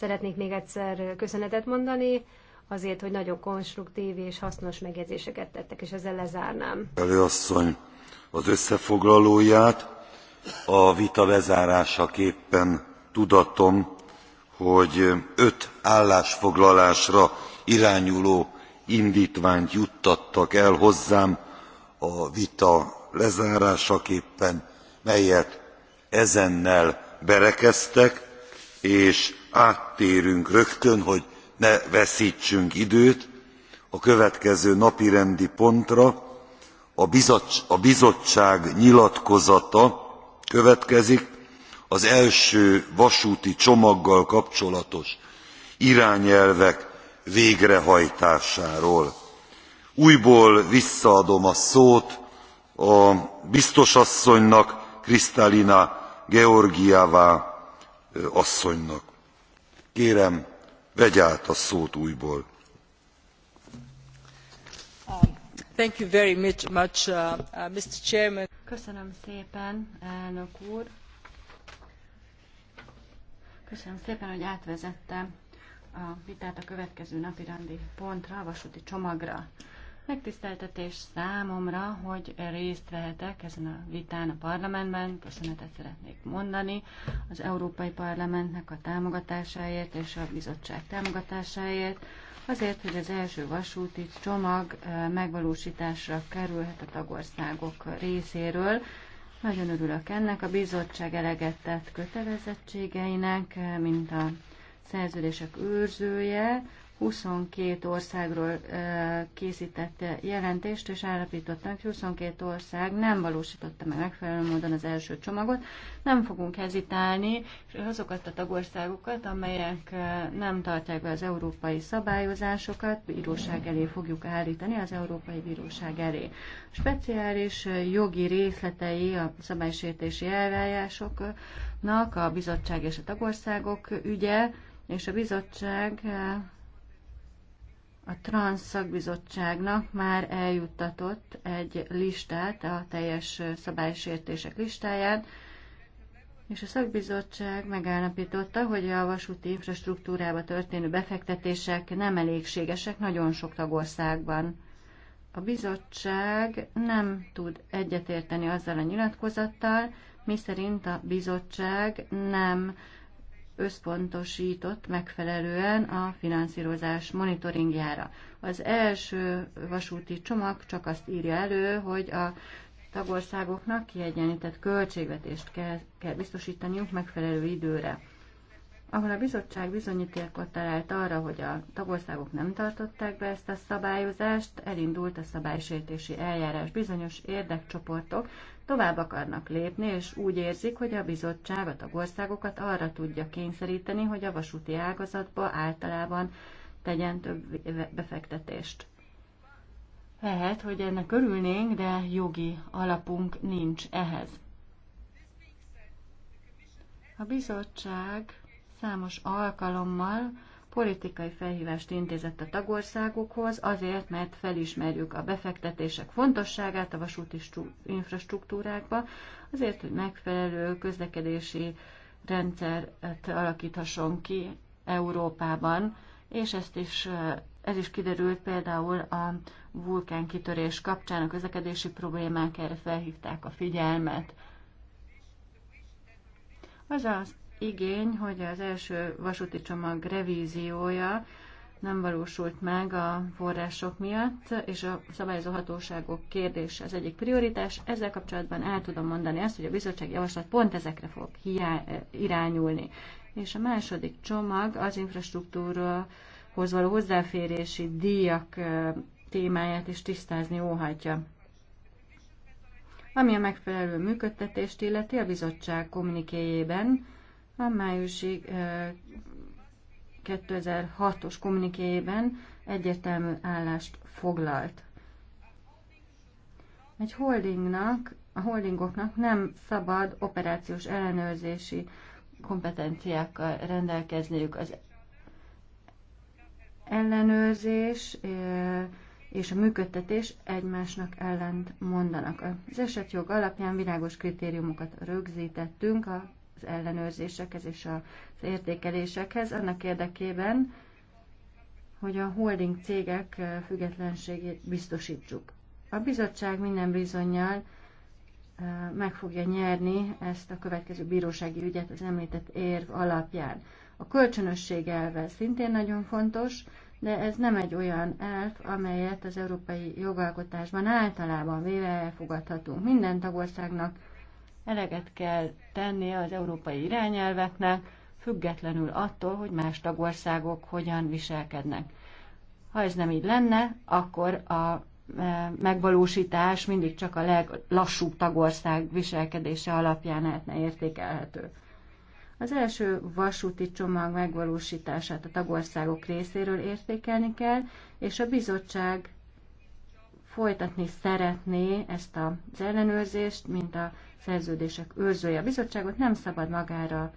Szeretnék még egyszer köszönetet mondani azért, hogy nagyon konstruktív és hasznos megjegyzéseket tettek, és ezzel lezárnám. Előasszony az összefoglalóját, a vita bezárásaképpen tudatom, hogy öt állásfoglalásra irányuló indítványt juttattak el hozzám a vita lezárásaképpen melyet ezennel berekeztek és áttérünk rögtön hogy ne vesztsünk időt a következő napirendi pontra a bizottság nyilatkozata következik az első vasúti csomaggal kapcsolatos irányelvek végrehajtásáról. újból visszaadom a szót a biztos asszonynak kristalina georgievá asszonynak. Kérem, vegye át a szót újból. Um, thank you very much, uh, uh Mr. Chairman. Köszönöm szépen, elnök úr. Köszönöm szépen, hogy átvezette a vitát a következő napi rendi pontra, a vasúti csomagra. Megtiszteltetés számomra, hogy részt vehetek ezen a vitán a parlamentben. Köszönetet szeretnék mondani az Európai Parlamentnek a támogatásáért és a bizottság támogatásáért, azért, hogy az első vasúti csomag megvalósításra kerülhet a tagországok részéről. Nagyon örülök ennek, a bizottság eleget tett kötelezettségeinek, mint a szerződések őrzője, 22 országról készített jelentést, és állapítottam, hogy 22 ország nem valósította meg megfelelő módon az első csomagot. Nem fogunk hezitálni, és azokat a tagországokat, amelyek nem tartják be az európai szabályozásokat, bíróság elé fogjuk állítani, az Európai Bíróság elé. A speciális jogi részletei a szabálysértési eljárásoknak a bizottság és a tagországok ügye, és a bizottság a Transzakbizottságnak már eljuttatott egy listát, a teljes szabálysértések listáját, és a szakbizottság megállapította, hogy a vasúti infrastruktúrába történő befektetések nem elégségesek nagyon sok tagországban. A bizottság nem tud egyetérteni azzal a nyilatkozattal, miszerint a bizottság nem összpontosított megfelelően a finanszírozás monitoringjára. Az első vasúti csomag csak azt írja elő, hogy a tagországoknak kiegyenlített költségvetést kell, kell biztosítaniuk megfelelő időre ahol a bizottság bizonyítékot talált arra, hogy a tagországok nem tartották be ezt a szabályozást, elindult a szabálysértési eljárás. Bizonyos érdekcsoportok tovább akarnak lépni, és úgy érzik, hogy a bizottság a tagországokat arra tudja kényszeríteni, hogy a vasúti ágazatba általában tegyen több befektetést. Lehet, hogy ennek örülnénk, de jogi alapunk nincs ehhez. A bizottság számos alkalommal politikai felhívást intézett a tagországokhoz, azért, mert felismerjük a befektetések fontosságát a vasúti infrastruktúrákba, azért, hogy megfelelő közlekedési rendszert alakíthasson ki Európában, és ezt is, ez is kiderült például a vulkánkitörés kapcsán a közlekedési problémák erre felhívták a figyelmet. Az az igény, hogy az első vasúti csomag revíziója nem valósult meg a források miatt, és a szabályozó hatóságok kérdése az egyik prioritás. Ezzel kapcsolatban el tudom mondani azt, hogy a bizottság javaslat pont ezekre fog hiá- irányulni. És a második csomag az infrastruktúrahoz való hozzáférési díjak témáját is tisztázni óhatja. Ami a megfelelő működtetést illeti a bizottság kommunikéjében, a májusi 2006-os kommunikéjében egyértelmű állást foglalt. Egy holdingnak, a holdingoknak nem szabad operációs ellenőrzési kompetenciákkal rendelkezniük. Az ellenőrzés és a működtetés egymásnak ellent mondanak. Az esetjog alapján világos kritériumokat rögzítettünk a az ellenőrzésekhez és az értékelésekhez, annak érdekében, hogy a holding cégek eh, függetlenségét biztosítsuk. A bizottság minden bizonyal eh, meg fogja nyerni ezt a következő bírósági ügyet az említett érv alapján. A kölcsönösség elve szintén nagyon fontos, de ez nem egy olyan elv, amelyet az európai jogalkotásban általában véve elfogadhatunk. Minden tagországnak Eleget kell tennie az európai irányelveknek, függetlenül attól, hogy más tagországok hogyan viselkednek. Ha ez nem így lenne, akkor a e, megvalósítás mindig csak a leglassúbb tagország viselkedése alapján lehetne értékelhető. Az első vasúti csomag megvalósítását a tagországok részéről értékelni kell, és a bizottság folytatni szeretné ezt az ellenőrzést, mint a szerződések őrzője. A bizottságot nem szabad magára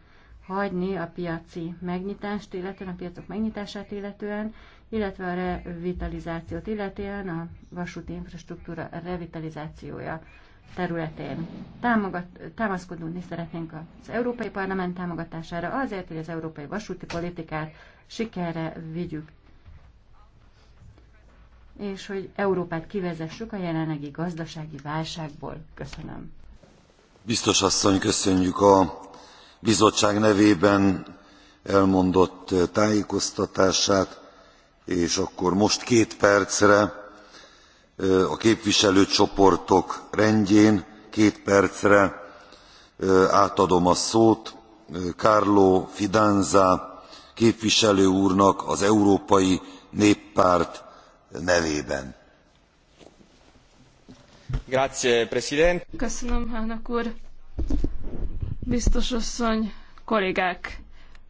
hagyni a piaci megnyitást, illetően a piacok megnyitását illetően, illetve a revitalizációt illetően a vasúti infrastruktúra revitalizációja területén. Támogat, támaszkodni szeretnénk az Európai Parlament támogatására azért, hogy az európai vasúti politikát sikerre vigyük és hogy Európát kivezessük a jelenlegi gazdasági válságból. Köszönöm. Biztos asszony, köszönjük a bizottság nevében elmondott eh, tájékoztatását, és akkor most két percre eh, a képviselőcsoportok rendjén két percre eh, átadom a szót carlo fidanza képviselő úrnak az európai néppárt nevében. Köszönöm, elnök úr. Biztos asszony, kollégák,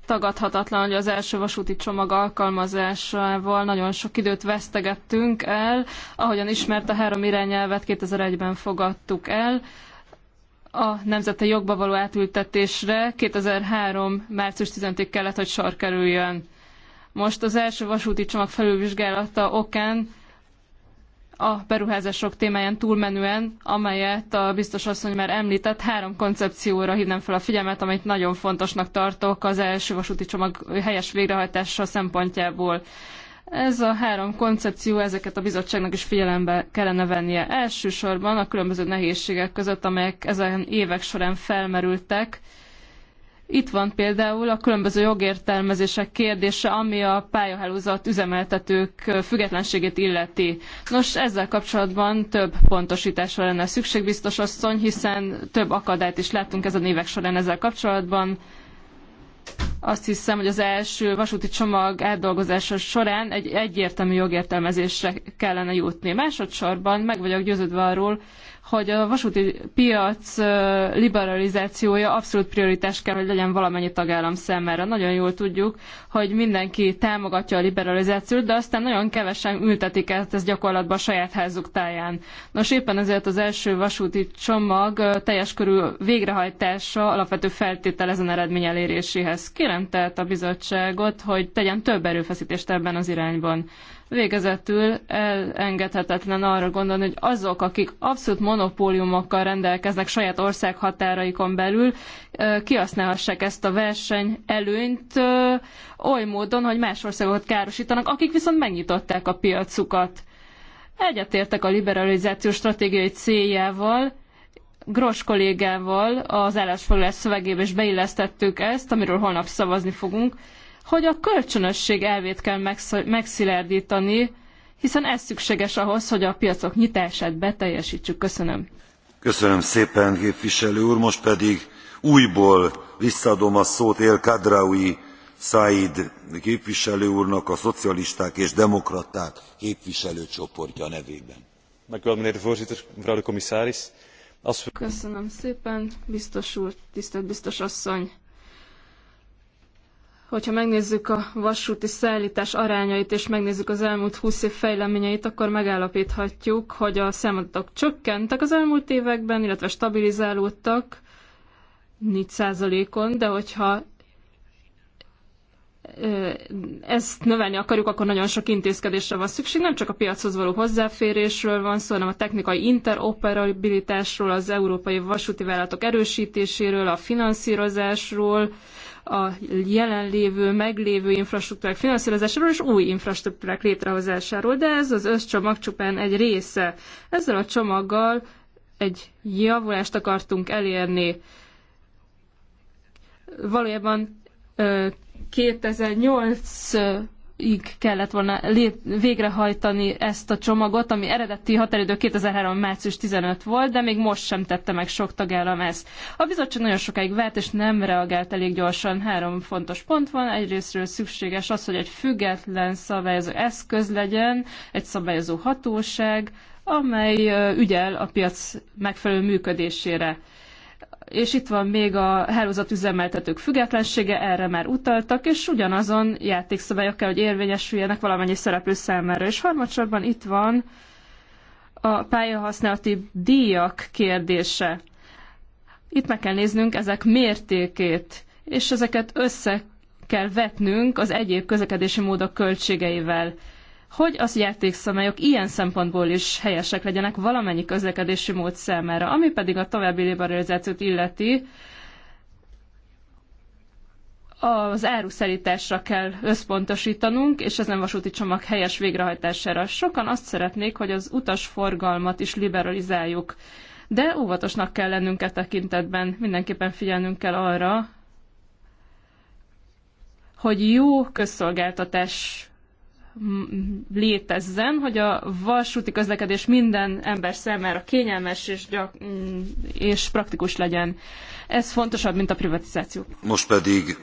tagadhatatlan, hogy az első vasúti csomag alkalmazásával nagyon sok időt vesztegettünk el. Ahogyan ismert, a három irányelvet 2001-ben fogadtuk el a nemzeti jogba való átültetésre 2003. március 10-ig kellett, hogy sor kerüljön. Most az első vasúti csomag felülvizsgálata okán a beruházások témáján túlmenően, amelyet a biztos asszony már említett, három koncepcióra hívnám fel a figyelmet, amit nagyon fontosnak tartok az első vasúti csomag helyes végrehajtása szempontjából. Ez a három koncepció, ezeket a bizottságnak is figyelembe kellene vennie. Elsősorban a különböző nehézségek között, amelyek ezen évek során felmerültek, itt van például a különböző jogértelmezések kérdése, ami a pályahálózat üzemeltetők függetlenségét illeti. Nos, ezzel kapcsolatban több pontosításra lenne szükség, biztos asszony, hiszen több akadályt is láttunk ezen évek során ezzel kapcsolatban. Azt hiszem, hogy az első vasúti csomag átdolgozása során egy egyértelmű jogértelmezésre kellene jutni. Másodszorban meg vagyok győződve arról, hogy a vasúti piac liberalizációja abszolút prioritás kell, hogy legyen valamennyi tagállam számára. Nagyon jól tudjuk, hogy mindenki támogatja a liberalizációt, de aztán nagyon kevesen ültetik ezt, ezt gyakorlatban a saját házuk táján. Nos, éppen ezért az első vasúti csomag teljes körű végrehajtása alapvető feltétel ezen eredmény eléréséhez. Kérem tehát a bizottságot, hogy tegyen több erőfeszítést ebben az irányban. Végezetül elengedhetetlen arra gondolni, hogy azok, akik abszolút monopóliumokkal rendelkeznek saját ország határaikon belül, kihasználhassák ezt a verseny előnyt oly módon, hogy más országokat károsítanak, akik viszont megnyitották a piacukat. Egyetértek a liberalizáció stratégiai céljával, Gros kollégával az állásfoglalás szövegébe is beillesztettük ezt, amiről holnap szavazni fogunk, hogy a kölcsönösség elvét kell megszilárdítani, hiszen ez szükséges ahhoz, hogy a piacok nyitását beteljesítsük. Köszönöm. Köszönöm szépen, képviselő úr. Most pedig újból visszaadom a szót El Kadraui Said képviselő úrnak a szocialisták és demokraták képviselőcsoportja nevében. Köszönöm szépen, biztos úr, tisztelt biztos asszony! hogyha megnézzük a vasúti szállítás arányait, és megnézzük az elmúlt 20 év fejleményeit, akkor megállapíthatjuk, hogy a számadatok csökkentek az elmúlt években, illetve stabilizálódtak 4%-on, de hogyha ezt növelni akarjuk, akkor nagyon sok intézkedésre van szükség. Nem csak a piachoz való hozzáférésről van szó, hanem a technikai interoperabilitásról, az európai vasúti vállalatok erősítéséről, a finanszírozásról, a jelenlévő, meglévő infrastruktúrák finanszírozásáról és új infrastruktúrák létrehozásáról, de ez az összcsomag csupán egy része. Ezzel a csomaggal egy javulást akartunk elérni. Valójában 2008 ig kellett volna végrehajtani ezt a csomagot, ami eredeti határidő 2003. március 15 volt, de még most sem tette meg sok tagállam ezt. A bizottság nagyon sokáig várt, és nem reagált elég gyorsan. Három fontos pont van. Egyrésztről szükséges az, hogy egy független szabályozó eszköz legyen, egy szabályozó hatóság, amely ügyel a piac megfelelő működésére és itt van még a hálózatüzemeltetők függetlensége, erre már utaltak, és ugyanazon játékszabályok kell, hogy érvényesüljenek valamennyi szereplő számára. És harmadsorban itt van a pályahasználati díjak kérdése. Itt meg kell néznünk ezek mértékét, és ezeket össze kell vetnünk az egyéb közlekedési módok költségeivel hogy az játékszabályok ilyen szempontból is helyesek legyenek valamennyi közlekedési mód számára, ami pedig a további liberalizációt illeti, az áruszállításra kell összpontosítanunk, és ezen vasúti csomag helyes végrehajtására. Sokan azt szeretnék, hogy az utasforgalmat is liberalizáljuk, de óvatosnak kell lennünk e tekintetben, mindenképpen figyelnünk kell arra, hogy jó közszolgáltatás létezzen, hogy a vasúti közlekedés minden ember számára kényelmes és, gyak, és praktikus legyen. Ez fontosabb, mint a privatizáció. Most pedig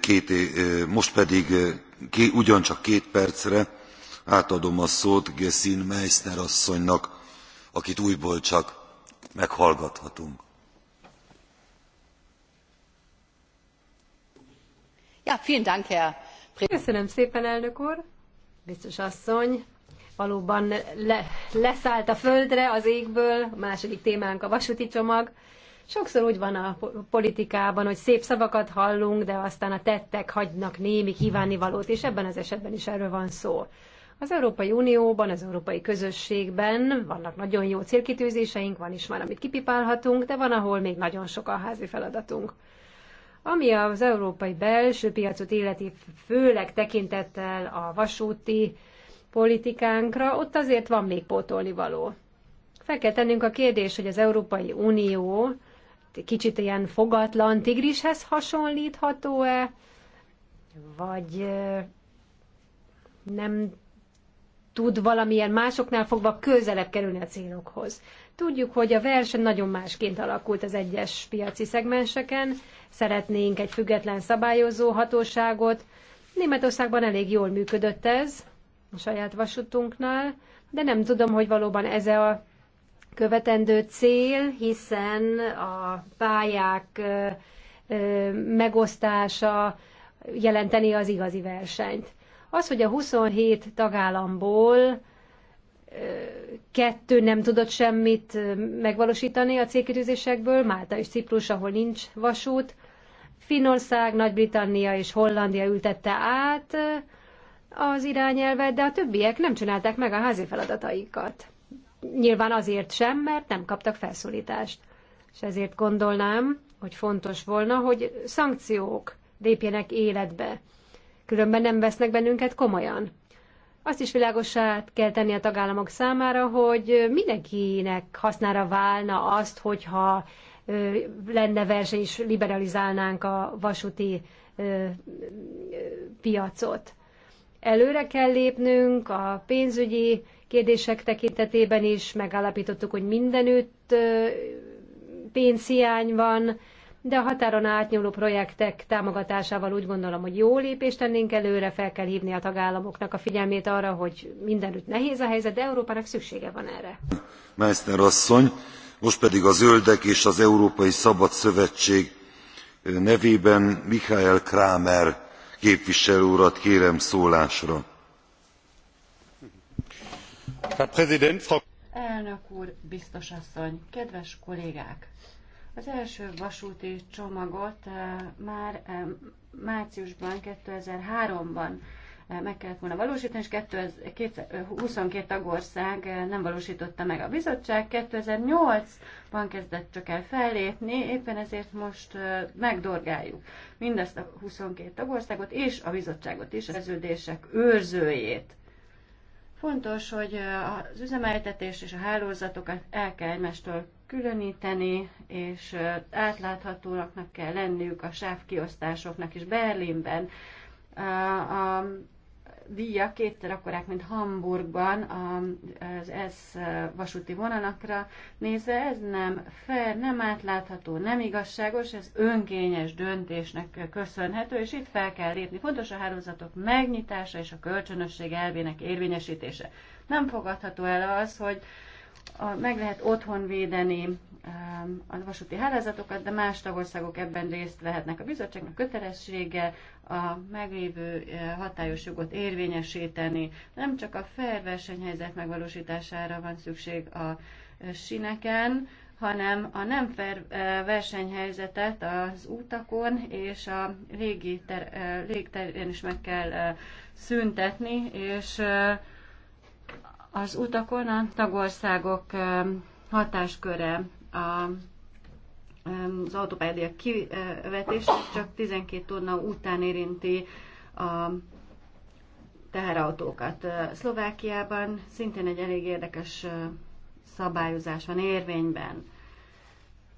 két, most pedig ké, ugyancsak két percre átadom a szót Gesine Meissner asszonynak, akit újból csak meghallgathatunk. Ja, vielen Dank, Herr Köszönöm szépen, elnök úr. Biztos asszony. Valóban le, leszállt a földre az égből, a második témánk a vasúti csomag. Sokszor úgy van a politikában, hogy szép szavakat hallunk, de aztán a tettek hagynak némi kívánivalót, és ebben az esetben is erről van szó. Az Európai Unióban, az Európai Közösségben vannak nagyon jó célkitűzéseink, van is már, amit kipipálhatunk, de van, ahol még nagyon sok a házi feladatunk. Ami az európai belső piacot illeti, főleg tekintettel a vasúti politikánkra, ott azért van még pótolni való. Fel kell tennünk a kérdés, hogy az Európai Unió kicsit ilyen fogatlan tigrishez hasonlítható-e, vagy nem tud valamilyen másoknál fogva közelebb kerülni a célokhoz. Tudjuk, hogy a verseny nagyon másként alakult az egyes piaci szegmenseken, szeretnénk egy független szabályozó hatóságot. Németországban elég jól működött ez a saját vasutunknál, de nem tudom, hogy valóban ez a követendő cél, hiszen a pályák megosztása jelenteni az igazi versenyt. Az, hogy a 27 tagállamból kettő nem tudott semmit megvalósítani a célkitűzésekből, Málta és Ciprus, ahol nincs vasút, Finnország, Nagy-Britannia és Hollandia ültette át az irányelvet, de a többiek nem csinálták meg a házi feladataikat. Nyilván azért sem, mert nem kaptak felszólítást. És ezért gondolnám, hogy fontos volna, hogy szankciók lépjenek életbe. Különben nem vesznek bennünket komolyan. Azt is világosá kell tenni a tagállamok számára, hogy mindenkinek hasznára válna azt, hogyha lenne verseny, és liberalizálnánk a vasúti piacot. Előre kell lépnünk a pénzügyi kérdések tekintetében is, megállapítottuk, hogy mindenütt pénzhiány van, de a határon átnyúló projektek támogatásával úgy gondolom, hogy jó lépést tennénk előre, fel kell hívni a tagállamoknak a figyelmét arra, hogy mindenütt nehéz a helyzet, de Európának szüksége van erre. Meister asszony, most pedig a zöldek és az európai szabad szövetség nevében michael cramer képviselő urat kérem szólásra. elnök úr biztos asszony kedves kollégák! az első vasúti csomagot már márciusban two thousand and three ban meg kellett volna valósítani, és 22 tagország nem valósította meg a bizottság. 2008-ban kezdett csak el fellépni, éppen ezért most megdorgáljuk mindezt a 22 tagországot és a bizottságot is, a szerződések őrzőjét. Fontos, hogy az üzemeltetés és a hálózatokat el kell egymástól különíteni, és átláthatóaknak kell lenniük a sávkiosztásoknak is Berlinben. A díja kétszer akkorák, mint Hamburgban az S vasúti vonalakra nézve. Ez nem fair, nem átlátható, nem igazságos, ez önkényes döntésnek köszönhető, és itt fel kell lépni. Fontos a hálózatok megnyitása és a kölcsönösség elvének érvényesítése. Nem fogadható el az, hogy a, meg lehet otthon védeni a vasúti hálózatokat, de más tagországok ebben részt vehetnek. A bizottságnak kötelessége a meglévő e, hatályos jogot érvényesíteni. Nem csak a fair versenyhelyzet megvalósítására van szükség a e, sineken, hanem a nem fair e, versenyhelyzetet az útakon és a légi ter, légterén is meg kell szüntetni, és az utakon a tagországok hatásköre a az autópálya kivetés csak 12 tonna után érinti a teherautókat. Szlovákiában szintén egy elég érdekes szabályozás van érvényben.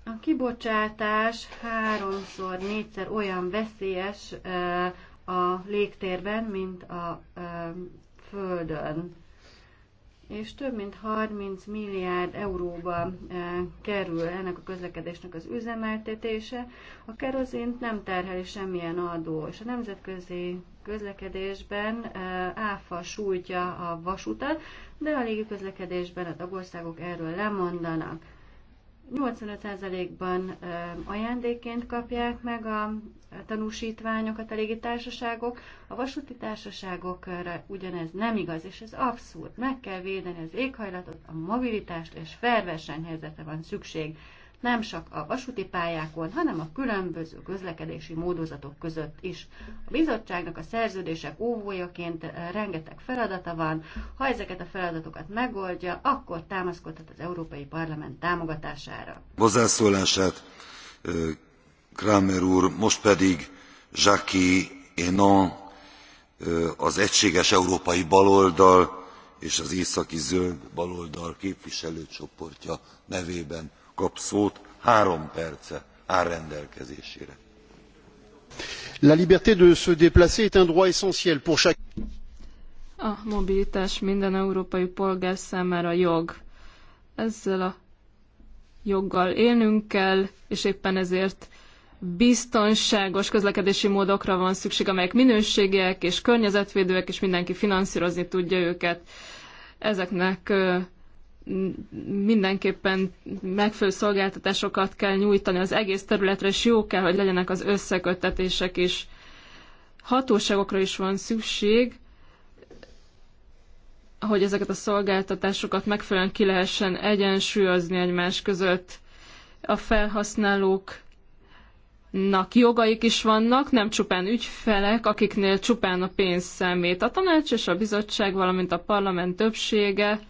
A kibocsátás háromszor, négyszer olyan veszélyes a légtérben, mint a földön és több mint 30 milliárd euróba e, kerül ennek a közlekedésnek az üzemeltetése. A kerozint nem terheli semmilyen adó, és a nemzetközi közlekedésben e, áfa sújtja a vasutat, de a légi közlekedésben a tagországok erről lemondanak. 85%-ban ajándékként kapják meg a tanúsítványokat a légitársaságok, a vasúti társaságokra ugyanez nem igaz, és ez abszurd. Meg kell védeni az éghajlatot, a mobilitást és fair van szükség nem csak a vasúti pályákon, hanem a különböző közlekedési módozatok között is. A bizottságnak a szerződések óvójaként eh, rengeteg feladata van, ha ezeket a feladatokat megoldja, akkor támaszkodhat az Európai Parlament támogatására. Hozzászólását eh, Kramer úr, most pedig Jacques Enon eh, az Egységes Európai Baloldal és az Északi Zöld Baloldal képviselőcsoportja nevében kap szót három perce áll rendelkezésére. La liberté de se déplacer est un droit essentiel pour chaque... A mobilitás minden európai polgár számára jog. Ezzel a joggal élnünk kell, és éppen ezért biztonságos közlekedési módokra van szükség, amelyek minőségiek és környezetvédőek, és mindenki finanszírozni tudja őket. Ezeknek mindenképpen megfelelő szolgáltatásokat kell nyújtani az egész területre, és jó kell, hogy legyenek az összeköttetések is. Hatóságokra is van szükség, hogy ezeket a szolgáltatásokat megfelelően ki lehessen egyensúlyozni egymás között. A felhasználóknak jogaik is vannak, nem csupán ügyfelek, akiknél csupán a pénz számít. A tanács és a bizottság, valamint a parlament többsége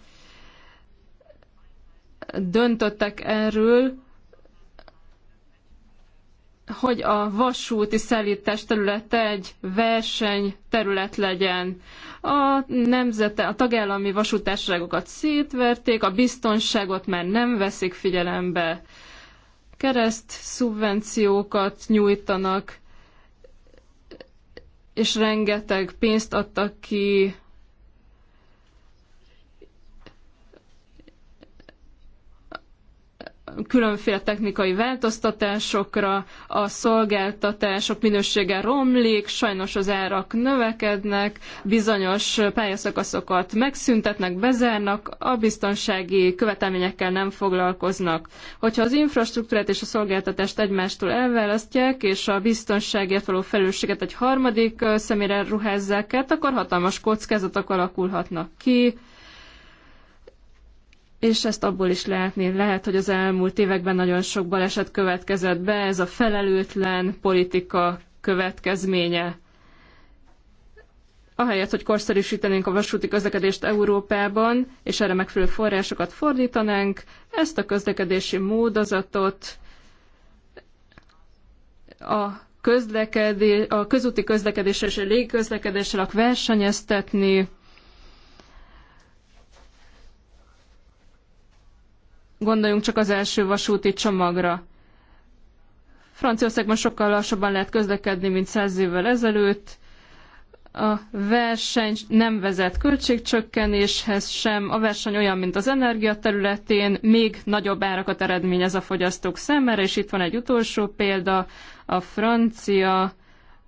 döntöttek erről, hogy a vasúti szállítás területe egy verseny terület legyen. A, nemzete, a tagállami vasútárságokat szétverték, a biztonságot már nem veszik figyelembe. Kereszt szubvenciókat nyújtanak, és rengeteg pénzt adtak ki különféle technikai változtatásokra, a szolgáltatások minősége romlik, sajnos az árak növekednek, bizonyos pályaszakaszokat megszüntetnek, bezárnak, a biztonsági követelményekkel nem foglalkoznak. Hogyha az infrastruktúrát és a szolgáltatást egymástól elválasztják, és a biztonságért való felelősséget egy harmadik személyre ruházzák át, akkor hatalmas kockázatok alakulhatnak ki, és ezt abból is lehetni lehet, hogy az elmúlt években nagyon sok baleset következett be, ez a felelőtlen politika következménye. Ahelyett, hogy korszerűsítenénk a vasúti közlekedést Európában, és erre megfelelő forrásokat fordítanánk, ezt a közlekedési módozatot a, közlekedés, a közúti közlekedéssel és a légközlekedéssel versenyeztetni, Gondoljunk csak az első vasúti csomagra. Franciaországban sokkal lassabban lehet közlekedni, mint száz évvel ezelőtt. A verseny nem vezet költségcsökkenéshez sem. A verseny olyan, mint az energia területén, még nagyobb árakat eredményez a fogyasztók számára, és itt van egy utolsó példa, a francia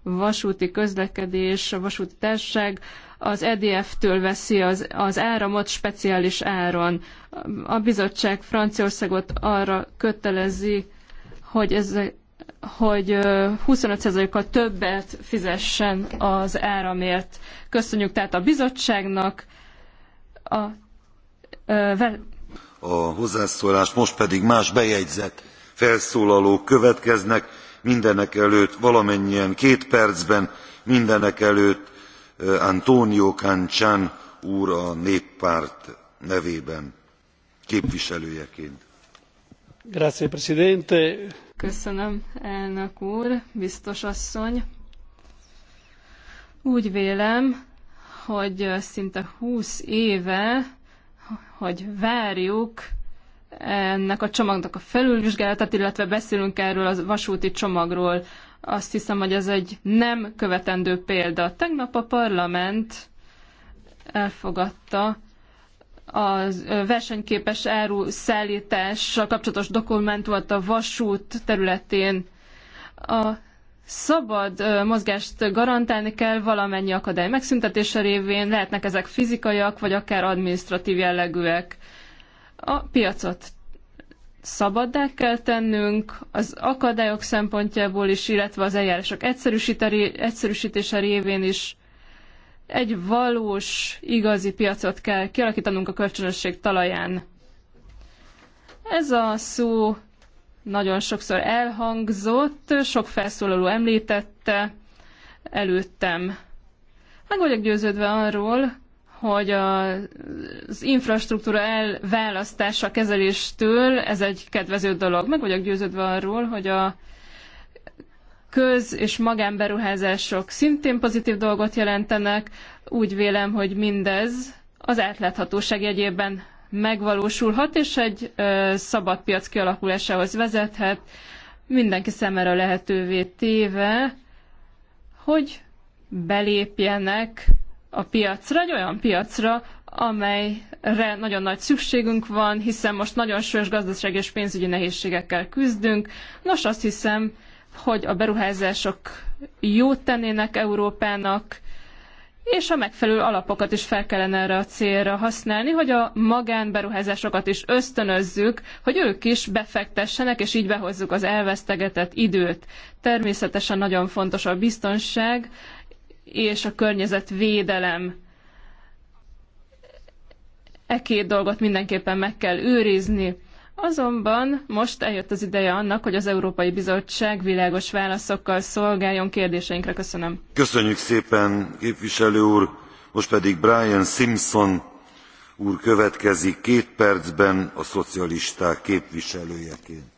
vasúti közlekedés, a vasúti társaság az EDF-től veszi az, az áramot speciális áron. A bizottság Franciaországot arra kötelezi, hogy, ez, hogy 25%-kal többet fizessen az áramért. Köszönjük tehát a bizottságnak. A, ö, a hozzászólás most pedig más bejegyzett felszólalók következnek mindenekelőtt valamennyien két percben mindenekelőtt Antonio Cancán úr a néppárt nevében képviselőjeként. Köszönöm, elnök úr, biztos asszony. Úgy vélem, hogy szinte 20 éve, hogy várjuk ennek a csomagnak a felülvizsgálatát, illetve beszélünk erről a vasúti csomagról. Azt hiszem, hogy ez egy nem követendő példa. Tegnap a parlament elfogadta a versenyképes áru szállítással kapcsolatos dokumentumot a vasút területén. A szabad mozgást garantálni kell valamennyi akadály megszüntetése révén, lehetnek ezek fizikaiak, vagy akár administratív jellegűek. A piacot szabaddá kell tennünk az akadályok szempontjából is, illetve az eljárások egyszerűsítése révén is egy valós, igazi piacot kell kialakítanunk a kölcsönösség talaján. Ez a szó nagyon sokszor elhangzott, sok felszólaló említette előttem. Meg vagyok győződve arról, hogy az infrastruktúra elválasztása kezeléstől ez egy kedvező dolog. Meg vagyok győződve arról, hogy a köz- és magánberuházások szintén pozitív dolgot jelentenek. Úgy vélem, hogy mindez az átláthatóság jegyében megvalósulhat, és egy ö, szabad piac kialakulásához vezethet, mindenki szemére lehetővé téve, hogy belépjenek a piacra, egy olyan piacra, amelyre nagyon nagy szükségünk van, hiszen most nagyon súlyos gazdasági és pénzügyi nehézségekkel küzdünk. Nos, azt hiszem, hogy a beruházások jót tennének Európának, és a megfelelő alapokat is fel kellene erre a célra használni, hogy a magánberuházásokat is ösztönözzük, hogy ők is befektessenek, és így behozzuk az elvesztegetett időt. Természetesen nagyon fontos a biztonság, és a környezetvédelem. E két dolgot mindenképpen meg kell őrizni. Azonban most eljött az ideje annak, hogy az Európai Bizottság világos válaszokkal szolgáljon kérdéseinkre. Köszönöm. Köszönjük szépen, képviselő úr. Most pedig Brian Simpson úr következik két percben a szocialisták képviselőjeként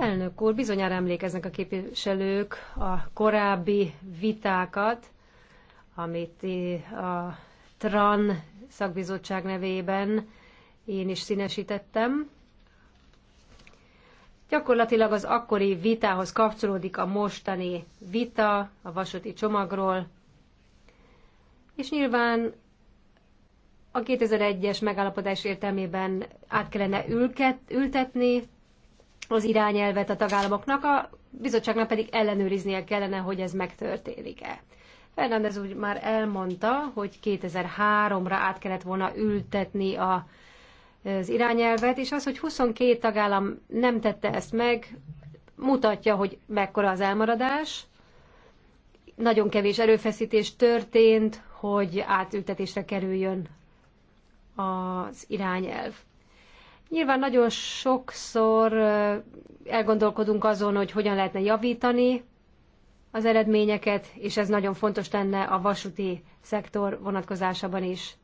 Elnök úr, bizonyára emlékeznek a képviselők a korábbi vitákat, amit a TRAN szakbizottság nevében én is színesítettem. Gyakorlatilag az akkori vitához kapcsolódik a mostani vita a vasúti csomagról, és nyilván a 2001-es megállapodás értelmében át kellene ülket, ültetni, az irányelvet a tagállamoknak, a bizottságnak pedig ellenőriznie kellene, hogy ez megtörténik-e. Fernández úgy már elmondta, hogy 2003-ra át kellett volna ültetni a, az irányelvet, és az, hogy 22 tagállam nem tette ezt meg, mutatja, hogy mekkora az elmaradás. Nagyon kevés erőfeszítés történt, hogy átültetésre kerüljön az irányelv. Nyilván nagyon sokszor elgondolkodunk azon, hogy hogyan lehetne javítani az eredményeket, és ez nagyon fontos lenne a vasúti szektor vonatkozásában is.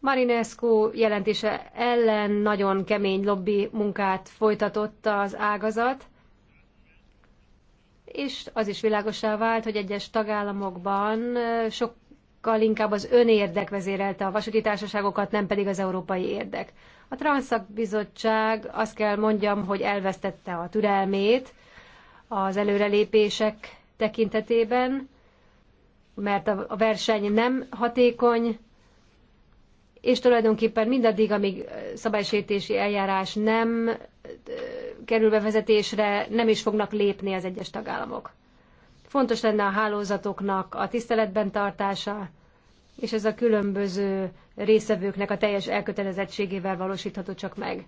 Marinescu jelentése ellen nagyon kemény lobby munkát folytatott az ágazat, és az is világosá vált, hogy egyes tagállamokban sok sokkal inkább az önérdek vezérelte a vasúti társaságokat, nem pedig az európai érdek. A Transzak Bizottság azt kell mondjam, hogy elvesztette a türelmét az előrelépések tekintetében, mert a verseny nem hatékony, és tulajdonképpen mindaddig, amíg szabálysértési eljárás nem kerül bevezetésre, nem is fognak lépni az egyes tagállamok. Fontos lenne a hálózatoknak a tiszteletben tartása, és ez a különböző részevőknek a teljes elkötelezettségével valósítható csak meg.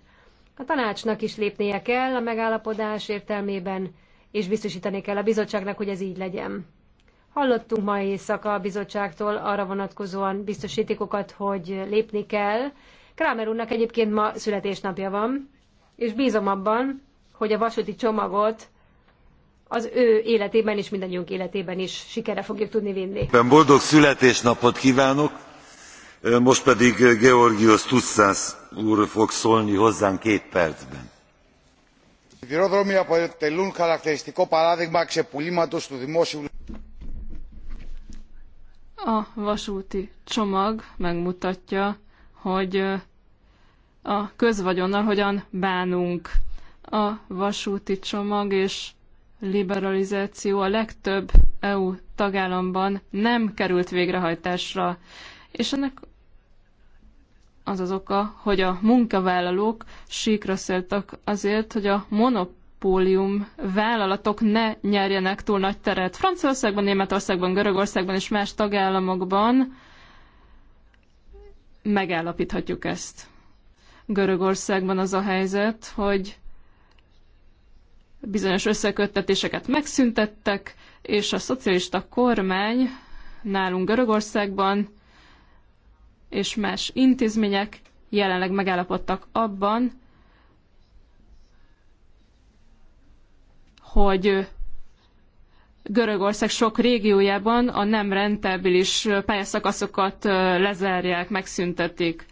A tanácsnak is lépnie kell a megállapodás értelmében, és biztosítani kell a bizottságnak, hogy ez így legyen. Hallottunk ma éjszaka a bizottságtól arra vonatkozóan biztosítékokat, hogy lépni kell. Krámer úrnak egyébként ma születésnapja van, és bízom abban, hogy a vasúti csomagot az ő életében és mindannyiunk életében is sikere fogjuk tudni vinni. Boldog születésnapot kívánok! Most pedig Georgios Tussas úr fog szólni hozzánk két percben. a vasúti csomag megmutatja, hogy a közvagyonnal hogyan bánunk. A vasúti csomag és liberalizáció a legtöbb EU tagállamban nem került végrehajtásra, és ennek az az oka, hogy a munkavállalók síkra szálltak azért, hogy a monopólium vállalatok ne nyerjenek túl nagy teret. Franciaországban, Németországban, Görögországban és más tagállamokban megállapíthatjuk ezt. Görögországban az a helyzet, hogy bizonyos összeköttetéseket megszüntettek, és a szocialista kormány nálunk Görögországban és más intézmények jelenleg megállapodtak abban, hogy Görögország sok régiójában a nem rentábilis pályaszakaszokat lezárják, megszüntetik.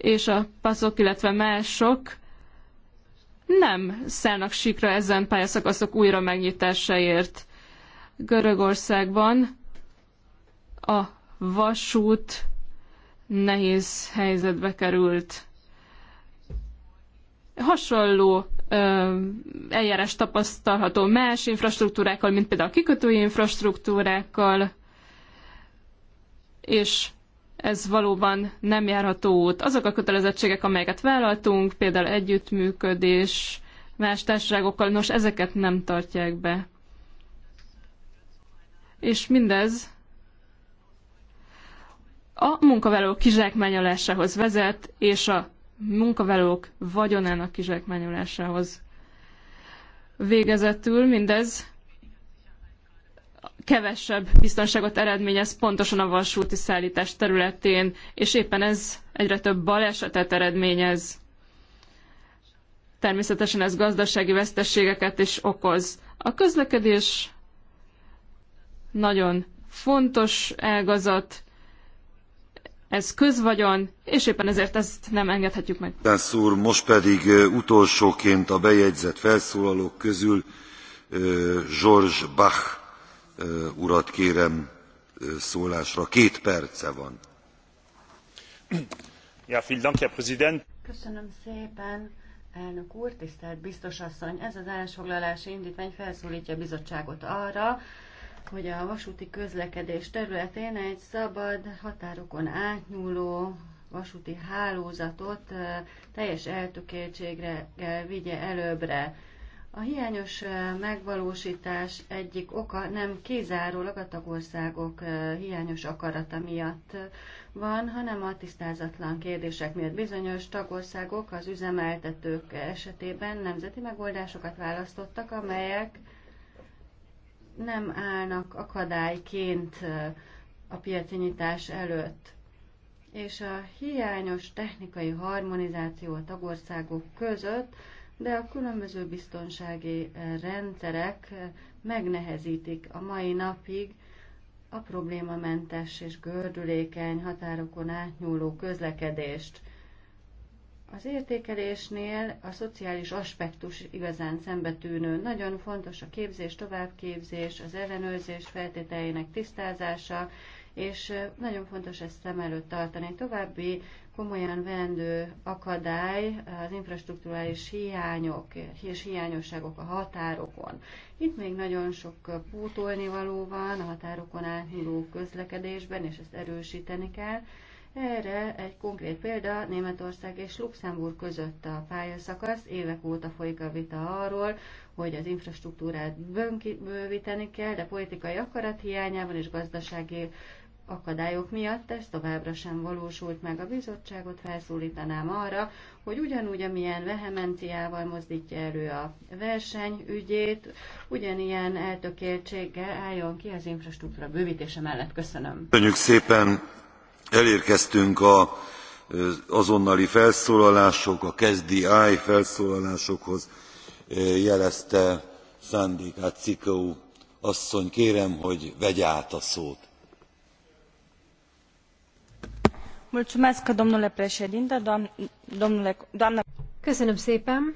és a PASZok, illetve mások nem szállnak sikra ezen pályaszakaszok újra megnyitásáért. Görögországban a vasút nehéz helyzetbe került. Hasonló ö, eljárás tapasztalható más infrastruktúrákkal, mint például a kikötői infrastruktúrákkal, és ez valóban nem járható út. Azok a kötelezettségek, amelyeket vállaltunk, például együttműködés más társaságokkal, nos, ezeket nem tartják be. És mindez a munkavállalók kizsákmányolásához vezet, és a munkavállalók vagyonának kizsákmányolásához. Végezetül mindez kevesebb biztonságot eredményez pontosan a vasúti szállítás területén, és éppen ez egyre több balesetet eredményez. Természetesen ez gazdasági veszteségeket is okoz. A közlekedés nagyon fontos ágazat, ez közvagyon, és éppen ezért ezt nem engedhetjük meg. Lász most pedig utolsóként a bejegyzett felszólalók közül George Bach urat kérem szólásra. Két perce van. Ja, Köszönöm szépen, elnök úr, tisztelt biztos asszony. Ez az állásfoglalási indítvány felszólítja a bizottságot arra, hogy a vasúti közlekedés területén egy szabad, határokon átnyúló vasúti hálózatot teljes eltökéltségre vigye előbbre. A hiányos eh, megvalósítás egyik oka nem kizárólag a tagországok eh, hiányos akarata miatt eh, van, hanem a tisztázatlan kérdések miatt. Bizonyos tagországok az üzemeltetők esetében nemzeti megoldásokat választottak, amelyek nem állnak akadályként a piaci nyitás előtt. És a hiányos technikai harmonizáció a tagországok között de a különböző biztonsági eh, rendszerek eh, megnehezítik a mai napig a problémamentes és gördülékeny határokon átnyúló közlekedést. Az értékelésnél a szociális aspektus igazán szembetűnő. Nagyon fontos a képzés, továbbképzés, az ellenőrzés feltételeinek tisztázása, és nagyon fontos ezt szem előtt tartani. További komolyan vendő akadály az infrastruktúrális hiányok és hiányosságok a határokon. Itt még nagyon sok pótolnivaló van a határokon átnyúló közlekedésben, és ezt erősíteni kell. Erre egy konkrét példa Németország és Luxemburg között a pályaszakasz. Évek óta folyik a vita arról, hogy az infrastruktúrát bővíteni kell, de politikai akarat hiányában és gazdasági akadályok miatt ez továbbra sem valósult meg. A bizottságot felszólítanám arra, hogy ugyanúgy, amilyen vehemenciával mozdítja elő a verseny ügyét, ugyanilyen eltökéltséggel álljon ki az infrastruktúra bővítése mellett. Köszönöm. Köszönjük szépen, elérkeztünk a azonnali felszólalások, a kezdi áj felszólalásokhoz eh, jelezte szándékát Cikó asszony. Kérem, hogy vegye át a szót. Köszönöm szépen.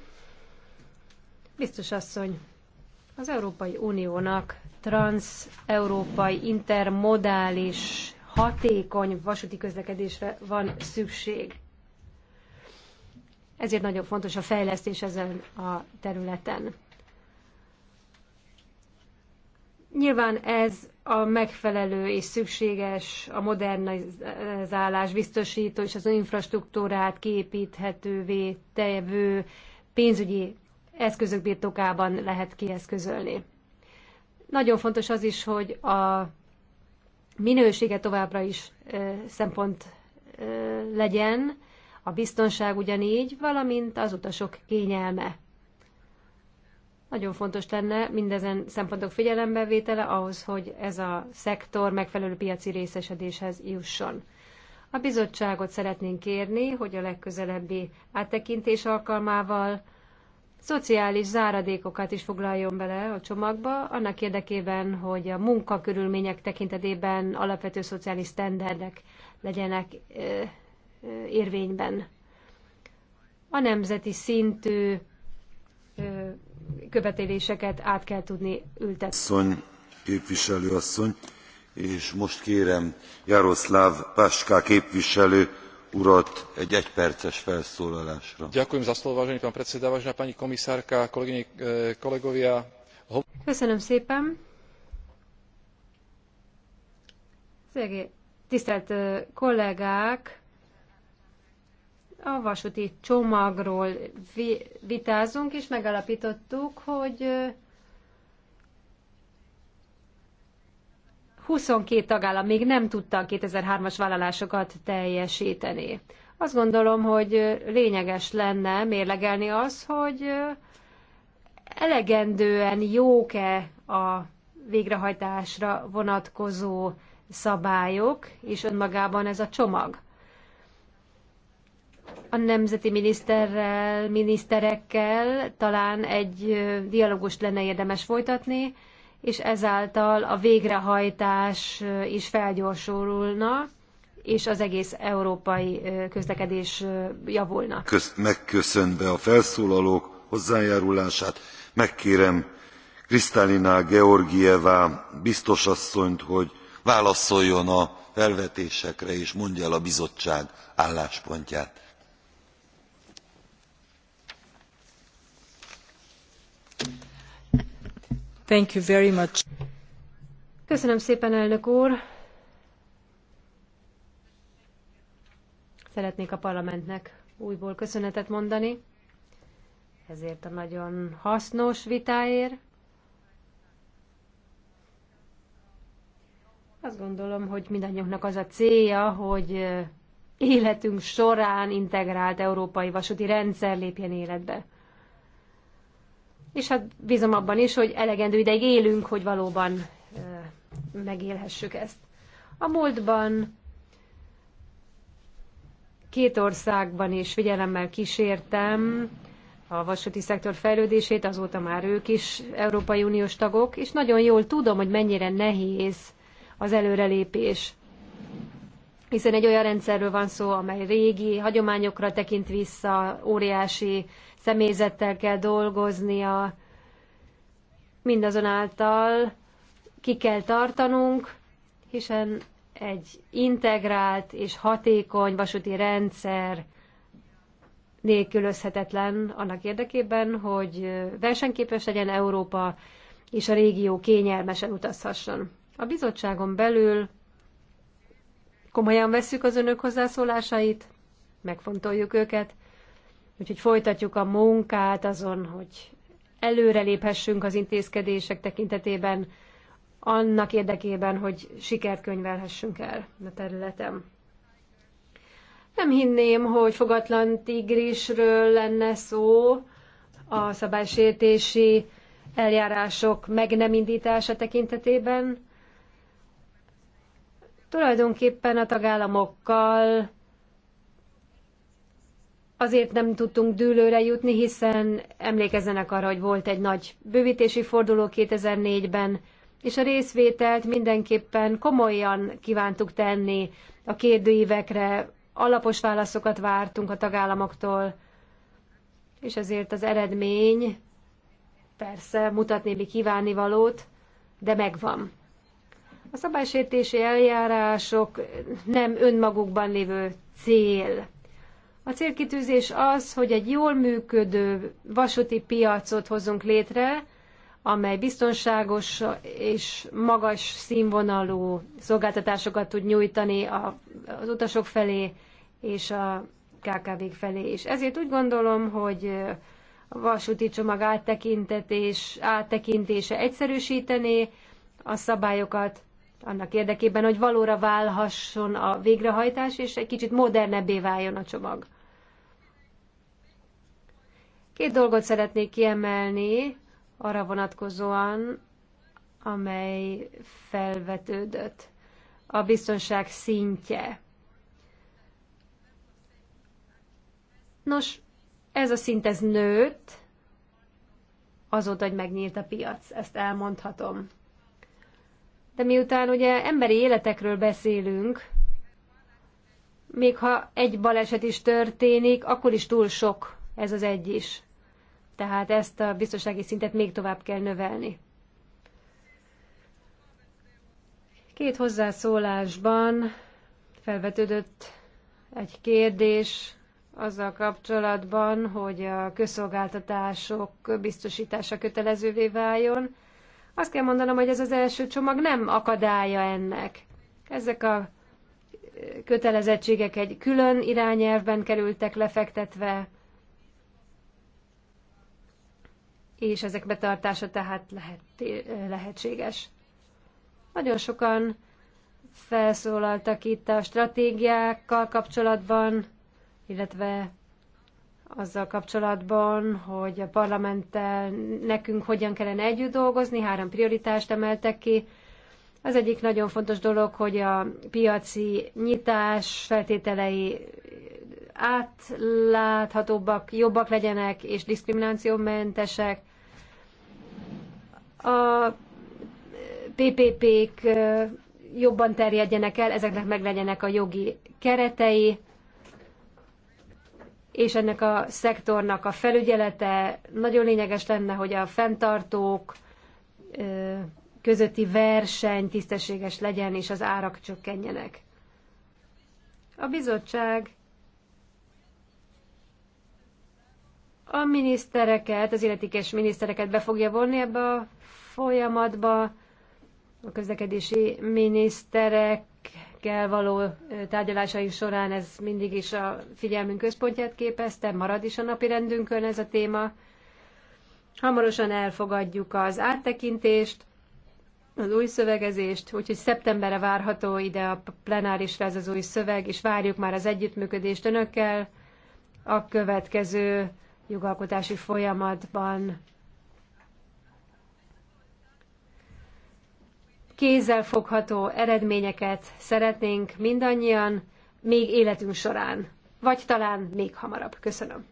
Biztos asszony, az Európai Uniónak trans-európai intermodális hatékony vasúti közlekedésre van szükség. Ezért nagyon fontos a fejlesztés ezen a területen. Nyilván ez a megfelelő és szükséges, a modernizálás biztosító és az infrastruktúrát képíthetővé tevő pénzügyi eszközök birtokában lehet kieszközölni. Nagyon fontos az is, hogy a minősége továbbra is szempont legyen, a biztonság ugyanígy, valamint az utasok kényelme. Nagyon fontos lenne mindezen szempontok figyelembevétele ahhoz, hogy ez a szektor megfelelő piaci részesedéshez jusson. A bizottságot szeretnénk kérni, hogy a legközelebbi áttekintés alkalmával szociális záradékokat is foglaljon bele a csomagba, annak érdekében, hogy a munkakörülmények tekintetében alapvető szociális sztenderdek legyenek érvényben. A nemzeti szintű követeléseket át kell tudni ültetni. Asszony, képviselő asszony, és most kérem Jaroszláv Paská képviselő urat egy egyperces felszólalásra. Ďakujem za slovo, vážený pán predseda, vážená pani komisárka, kolegyne, eh, kolegovia. Köszönöm szépen. Tisztelt eh, kollégák, a vasúti csomagról vitázunk, és megalapítottuk, hogy 22 tagállam még nem tudta a 2003-as vállalásokat teljesíteni. Azt gondolom, hogy lényeges lenne mérlegelni az, hogy elegendően jók-e a végrehajtásra vonatkozó szabályok, és önmagában ez a csomag a nemzeti miniszterrel, miniszterekkel talán egy dialógust lenne érdemes folytatni, és ezáltal a végrehajtás is felgyorsulna, és az egész európai közlekedés javulna. Kösz, megköszönve a felszólalók hozzájárulását, megkérem Krisztálinál Georgievá biztos asszonyt, hogy válaszoljon a felvetésekre, és mondja el a bizottság álláspontját. Köszönöm szépen, elnök úr. Szeretnék a parlamentnek újból köszönetet mondani ezért a nagyon hasznos vitáért. Azt gondolom, hogy mindannyiunknak az a célja, hogy eh, életünk során integrált európai vasúti rendszer lépjen életbe és hát bízom abban is, hogy elegendő ideig élünk, hogy valóban megélhessük ezt. A múltban két országban is figyelemmel kísértem a vasúti szektor fejlődését, azóta már ők is Európai Uniós tagok, és nagyon jól tudom, hogy mennyire nehéz az előrelépés. Hiszen egy olyan rendszerről van szó, amely régi hagyományokra tekint vissza, óriási személyzettel kell dolgoznia, mindazonáltal ki kell tartanunk, hiszen egy integrált és hatékony vasúti rendszer nélkülözhetetlen annak érdekében, hogy versenyképes legyen Európa, és a régió kényelmesen utazhasson. A bizottságon belül komolyan vesszük az önök hozzászólásait, megfontoljuk őket, Úgyhogy folytatjuk a munkát azon, hogy előreléphessünk az intézkedések tekintetében, annak érdekében, hogy sikert könyvelhessünk el a területen. Nem hinném, hogy fogatlan tigrisről lenne szó a szabálysértési eljárások meg nem indítása tekintetében. Tulajdonképpen a tagállamokkal Azért nem tudtunk dőlőre jutni, hiszen emlékezzenek arra, hogy volt egy nagy bővítési forduló 2004-ben, és a részvételt mindenképpen komolyan kívántuk tenni a kérdőívekre, alapos válaszokat vártunk a tagállamoktól, és ezért az eredmény persze mutatni mi kívánivalót, de megvan. A szabálysértési eljárások nem önmagukban lévő cél. A célkitűzés az, hogy egy jól működő vasúti piacot hozzunk létre, amely biztonságos és magas színvonalú szolgáltatásokat tud nyújtani az utasok felé és a kkv felé is. Ezért úgy gondolom, hogy a vasúti csomag áttekintetés, áttekintése egyszerűsíteni a szabályokat, annak érdekében, hogy valóra válhasson a végrehajtás, és egy kicsit modernebbé váljon a csomag. Két dolgot szeretnék kiemelni arra vonatkozóan, amely felvetődött. A biztonság szintje. Nos, ez a szint ez nőtt, azóta, hogy megnyílt a piac, ezt elmondhatom. De miután ugye emberi életekről beszélünk, még ha egy baleset is történik, akkor is túl sok ez az egy is. Tehát ezt a biztonsági szintet még tovább kell növelni. Két hozzászólásban felvetődött egy kérdés azzal kapcsolatban, hogy a közszolgáltatások biztosítása kötelezővé váljon. Azt kell mondanom, hogy ez az első csomag nem akadálya ennek. Ezek a kötelezettségek egy külön irányelvben kerültek lefektetve, és ezek betartása tehát lehet, eh, lehetséges. Nagyon sokan felszólaltak itt a stratégiákkal kapcsolatban, illetve azzal kapcsolatban, hogy a parlamenttel nekünk hogyan kellene együtt dolgozni, három prioritást emeltek ki. Az egyik nagyon fontos dolog, hogy a piaci nyitás feltételei átláthatóbbak, jobbak legyenek és diszkriminációmentesek a PPP-k jobban terjedjenek el, ezeknek legyenek a jogi keretei, és ennek a szektornak a felügyelete nagyon lényeges lenne, hogy a fenntartók közötti verseny tisztességes legyen, és az árak csökkenjenek. A bizottság a minisztereket, az illetékes minisztereket be fogja vonni ebbe a folyamatba, a közlekedési miniszterekkel való tárgyalásaink során ez mindig is a figyelmünk központját képezte, marad is a napi rendünkön ez a téma. Hamarosan elfogadjuk az áttekintést, az új szövegezést, úgyhogy szeptemberre várható ide a plenárisra ez az új szöveg, és várjuk már az együttműködést önökkel a következő jogalkotási folyamatban kézzelfogható eredményeket szeretnénk mindannyian, még életünk során, vagy talán még hamarabb. Köszönöm.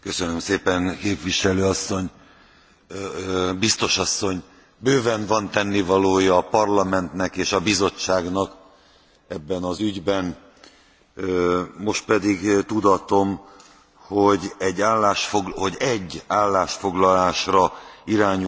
Köszönöm szépen, képviselő asszony. Biztos asszony, bőven van tennivalója a parlamentnek és a bizottságnak ebben az ügyben. Most pedig tudatom, hogy egy állásfoglalásra irányuló indtványt fogadott el.